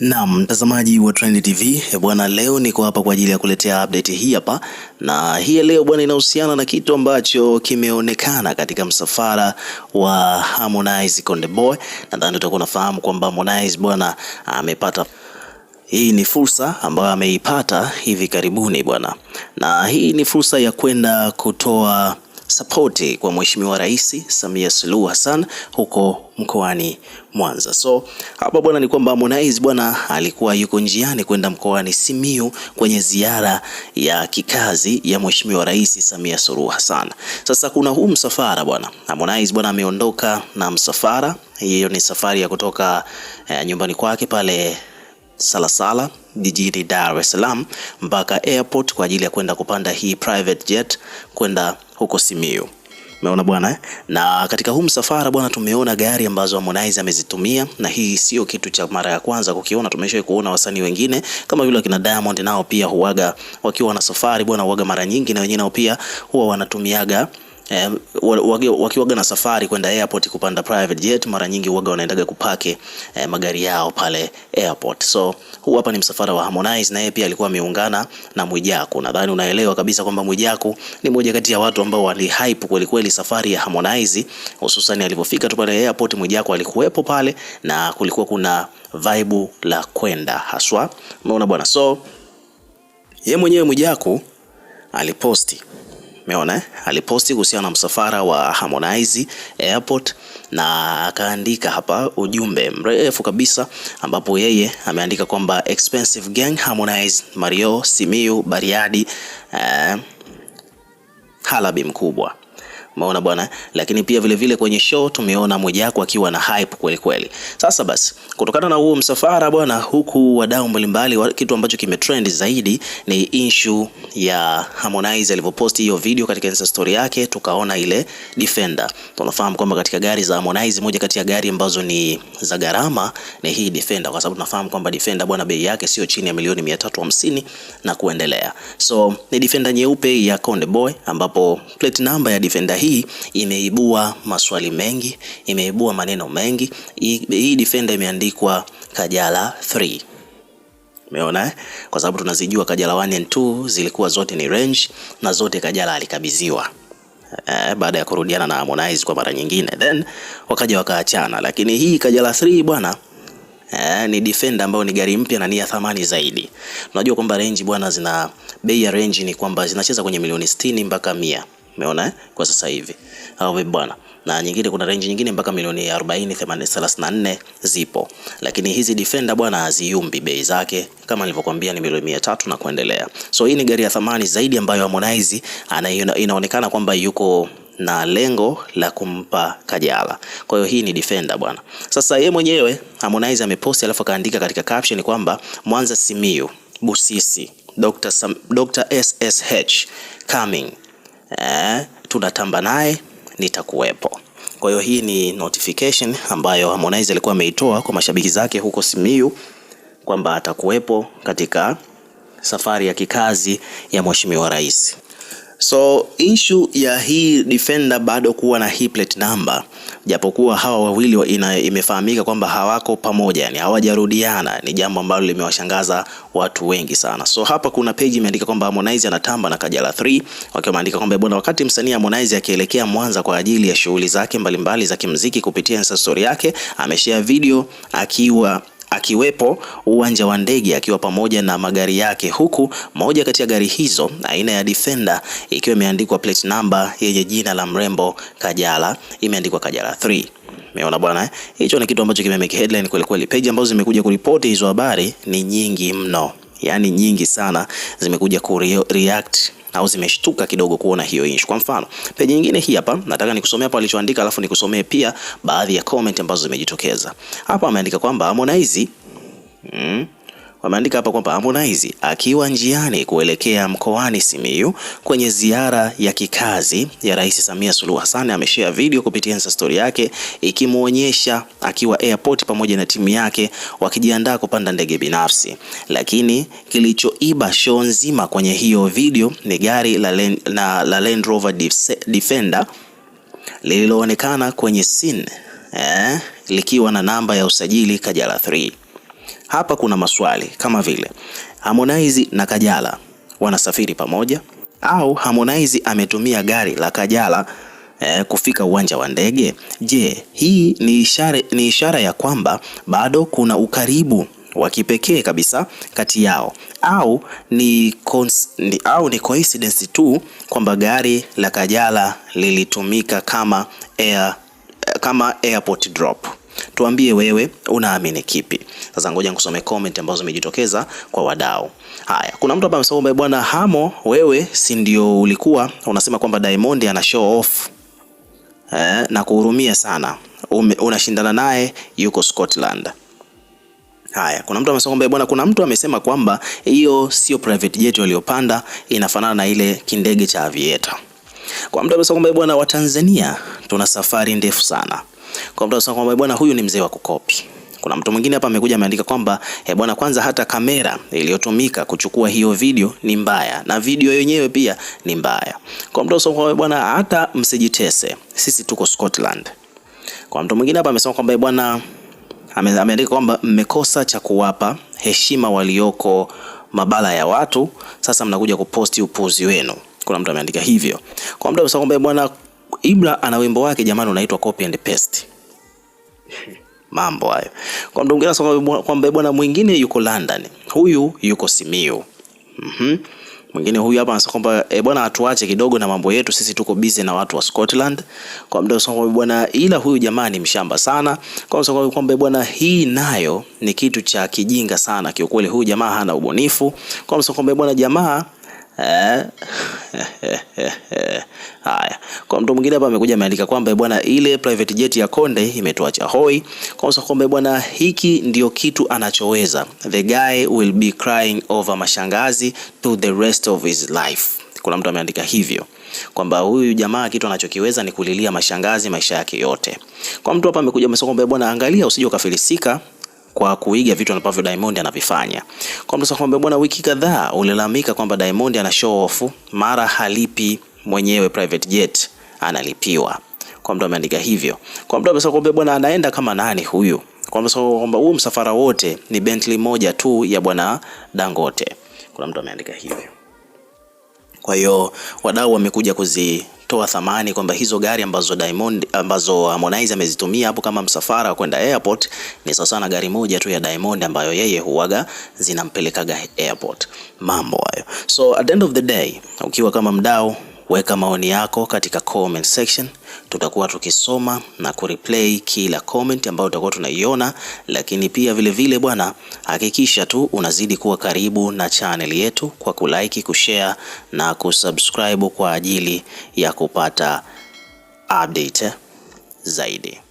Naam, mtazamaji wa Trend TV eh, bwana, leo niko hapa kwa ajili ya kuletea update hii hapa, na hii leo bwana, inahusiana na kitu ambacho kimeonekana katika msafara wa Harmonize Konde Boy. Nadhani utakuwa unafahamu kwamba Harmonize bwana amepata hii ni fursa ambayo ameipata hivi karibuni bwana, na hii ni fursa ya kwenda kutoa sapoti kwa Mheshimiwa Rais Samia Suluhu Hassan huko mkoani Mwanza. So hapa bwana, ni kwamba Harmonize bwana alikuwa yuko njiani kwenda mkoani Simiyu kwenye ziara ya kikazi ya Mheshimiwa Rais Samia Suluhu Hassan. Sasa kuna huu msafara bwana, Harmonize bwana ameondoka na msafara. Hiyo ni safari ya kutoka eh, nyumbani kwake pale Salasala jijini Dar es Salaam mpaka airport kwa ajili ya kwenda kupanda hii private jet kwenda huko Simiyu. Umeona bwana eh? Na katika huu msafara bwana, tumeona gari ambazo Harmonize amezitumia, na hii sio kitu cha mara ya kwanza kukiona. Tumeshawahi kuona wasanii wengine kama vile kina Diamond, nao pia huaga wakiwa wana safari bwana, huaga mara nyingi, na wenyewe nao pia huwa wanatumiaga eh, wakiwaga na safari kwenda airport kupanda private jet, mara nyingi waga wanaendaga kupake eh, magari yao pale airport. So huu hapa ni msafara wa Harmonize, na yeye pia alikuwa ameungana na Mwijaku. Nadhani unaelewa kabisa kwamba Mwijaku ni moja kati ya watu ambao walihype kweli kweli safari ya Harmonize, hususan alipofika tu pale airport. Mwijaku alikuwepo pale na kulikuwa kuna vibe la kwenda haswa, umeona bwana. So yeye mwenyewe Mwijaku aliposti Umeona eh? Aliposti kuhusiana na msafara wa Harmonize Airport na akaandika hapa ujumbe mrefu kabisa ambapo yeye ameandika kwamba expensive gang Harmonize Mario Simiu Bariadi eh, halabi mkubwa Umeona bwana, lakini pia vile vile kwenye show tumeona Mwijaku akiwa na hype kweli kweli. Sasa basi, kutokana na huo msafara bwana, huku wadau mbalimbali, kitu ambacho kimetrend zaidi ni issue ya Harmonize alivyoposti hiyo video katika Insta story yake, tukaona ile Defender. Tunafahamu kwamba katika gari za Harmonize, moja kati ya gari ambazo ni za gharama ni hii Defender, kwa sababu tunafahamu kwamba Defender bwana, bei yake sio chini ya milioni 350 na kuendelea. So ni Defender nyeupe ya Konde Boy ambapo plate number ya Defender hii hii imeibua maswali mengi, imeibua maneno mengi. Hii defender imeandikwa Kajala 3. Umeona eh? Kwa sababu tunazijua Kajala 1 and 2 zilikuwa zote ni range na zote Kajala alikabidhiwa eh, baada ya kurudiana na Harmonize kwa mara nyingine, then wakaja wakaachana, lakini hii Kajala 3 bwana Eh, ni defender ambayo ni gari mpya na ni ya thamani zaidi. Unajua kwamba range bwana, zina bei ya range ni kwamba zinacheza kwenye milioni 60 mpaka mia umeona eh? Kwa sasa hivi au bwana na nyingine kuna range nyingine mpaka milioni 40 34 zipo, lakini hizi Defender bwana haziumbi. Bei zake kama nilivyokuambia ni milioni mia tatu na kuendelea. So hii ni gari ya thamani zaidi ambayo Harmonize ana, inaonekana kwamba yuko na lengo la kumpa Kajala. Kwa hiyo hii ni Defender bwana. Sasa yeye mwenyewe Harmonize ameposti, alafu akaandika katika caption kwamba Mwanza Simiu Busisi Dr. Sam, Dr. SSH coming eh, tunatamba naye nitakuwepo. Kwa hiyo hii ni notification ambayo Harmonize alikuwa ameitoa kwa mashabiki zake huko Simiyu kwamba atakuwepo katika safari ya kikazi ya Mheshimiwa Rais. So issue ya hii defender bado kuwa na hii plate number, japokuwa hawa wawili wa imefahamika kwamba hawako pamoja, yani hawajarudiana, ni jambo ambalo limewashangaza watu wengi sana. So hapa kuna page imeandika kwamba Harmonize anatamba na Kajala 3 wakiwa wameandika kwamba bwana, wakati msanii Harmonize akielekea Mwanza kwa ajili ya shughuli zake mbalimbali za kimziki kupitia Insta story yake ameshare video akiwa akiwepo uwanja wa ndege akiwa pamoja na magari yake, huku moja kati ya gari hizo aina ya Defender ikiwa imeandikwa plate number yenye jina la mrembo Kajala, imeandikwa Kajala 3. Umeona bwana, eh? hicho ni kitu ambacho kimemeke headline kweli kweli. Page ambazo zimekuja kuripoti hizo habari ni nyingi mno, yaani nyingi sana zimekuja kureact au zimeshtuka kidogo kuona hiyo issue. Kwa mfano, peji nyingine hii hapa nataka nikusomee hapa alichoandika, alafu nikusomee pia baadhi ya comment ambazo zimejitokeza hapa. Ameandika kwamba Harmonize mm, wameandika hapa kwamba Harmonize akiwa njiani kuelekea mkoani Simiyu kwenye ziara ya kikazi ya Rais Samia Suluhu Hassan, ameshare video kupitia Insta story yake ikimwonyesha akiwa airport pamoja na timu yake wakijiandaa kupanda ndege binafsi, lakini kilichoiba show nzima kwenye hiyo video ni gari la, Land, na, la Land Rover Defender lililoonekana kwenye scene eh, likiwa na namba ya usajili Kajala 3. Hapa kuna maswali kama vile Harmonize na Kajala wanasafiri pamoja au Harmonize ametumia gari la Kajala eh, kufika uwanja wa ndege. Je, hii ni ishara, ni ishara ya kwamba bado kuna ukaribu wa kipekee kabisa kati yao au ni, cons, ni, au ni coincidence tu kwamba gari la Kajala lilitumika kama air, kama airport drop? Tuambie wewe unaamini kipi? Sasa ngoja nikusome comment ambazo zimejitokeza kwa wadau. Haya, kuna mtu hapa amesema bwana Hamo, wewe si ndio ulikuwa unasema kwamba Diamond ana show off eh, na kuhurumia sana, unashindana naye yuko Scotland. Haya, kuna mtu amesema kwamba bwana, kuna mtu amesema kwamba hiyo sio private jet waliopanda, inafanana na ile kindege cha Avieta. Kwa mtu amesema kwamba bwana, Watanzania tuna safari ndefu sana. Kwa mtu amesema kwamba bwana, huyu ni mzee wa kukopi. Kuna mtu mwingine hapa amekuja ameandika kwamba e, bwana, kwanza hata kamera iliyotumika kuchukua hiyo video ni mbaya na video yenyewe pia ni mbaya. Kwa mtu so, bwana, hata msijitese, sisi tuko Scotland. Kwa mtu mwingine hapa amesema kwamba eh, bwana, ameandika kwamba mmekosa cha kuwapa heshima walioko mabala ya watu, sasa mnakuja kuposti upuzi wenu. Kuna mtu ameandika hivyo. Kwa mtu amesema kwamba eh, bwana, Ibra ana wimbo wake jamani, unaitwa copy and paste mambo hayo. Kwa mdonge kwamba bwana mwingine yuko London, huyu yuko Simiyu. Mhm. Mwingine huyu hapa anasema kwamba e, bwana atuache kidogo na mambo yetu, sisi tuko busy na watu wa Scotland. Kwa mdonge kwamba bwana, ila huyu jamaa ni mshamba sana. Kwa mdonge kwamba bwana, hii nayo ni kitu cha kijinga sana kiukweli, huyu jamaa hana ubunifu. Kwa mdonge kwamba bwana jamaa Eh? Haya, kwa mtu mwingine hapa amekuja ameandika kwamba eh, bwana, ile private jet ya Konde imetuacha hoi, kwamba eh, bwana, hiki ndio kitu anachoweza. The guy will be crying over mashangazi to the rest of his life. Kuna mtu ameandika hivyo kwamba huyu jamaa kitu anachokiweza ni kulilia mashangazi maisha yake yote. Kwa mtu hapa amekuja amesema kwamba bwana, angalia usije ukafilisika kwa kuiga vitu ambavyo Diamond anavifanya. Kwa mtu sasa, bwana, wiki kadhaa ulilalamika kwamba Diamond ana show off, mara halipi mwenyewe private jet, analipiwa. Kwa mtu ameandika hivyo. Kwa mtu amesema kwamba bwana, anaenda kama nani huyu? Kwa mtu sasa kwamba huu msafara wote ni Bentley moja tu ya bwana Dangote. Kuna mtu ameandika hivyo. Kwa hiyo wadau wamekuja kuzi toa thamani kwamba hizo gari ambazo Diamond ambazo Harmonize amezitumia hapo kama msafara kwenda airport ni sawa na gari moja tu ya Diamond ambayo yeye huwaga zinampelekaga airport. Mambo hayo. So at the end of the day, ukiwa kama mdau Weka maoni yako katika comment section, tutakuwa tukisoma na kureplay kila comment ambayo tutakuwa tunaiona. Lakini pia vile vile bwana, hakikisha tu unazidi kuwa karibu na channel yetu kwa kulike, kushare na kusubscribe kwa ajili ya kupata update zaidi.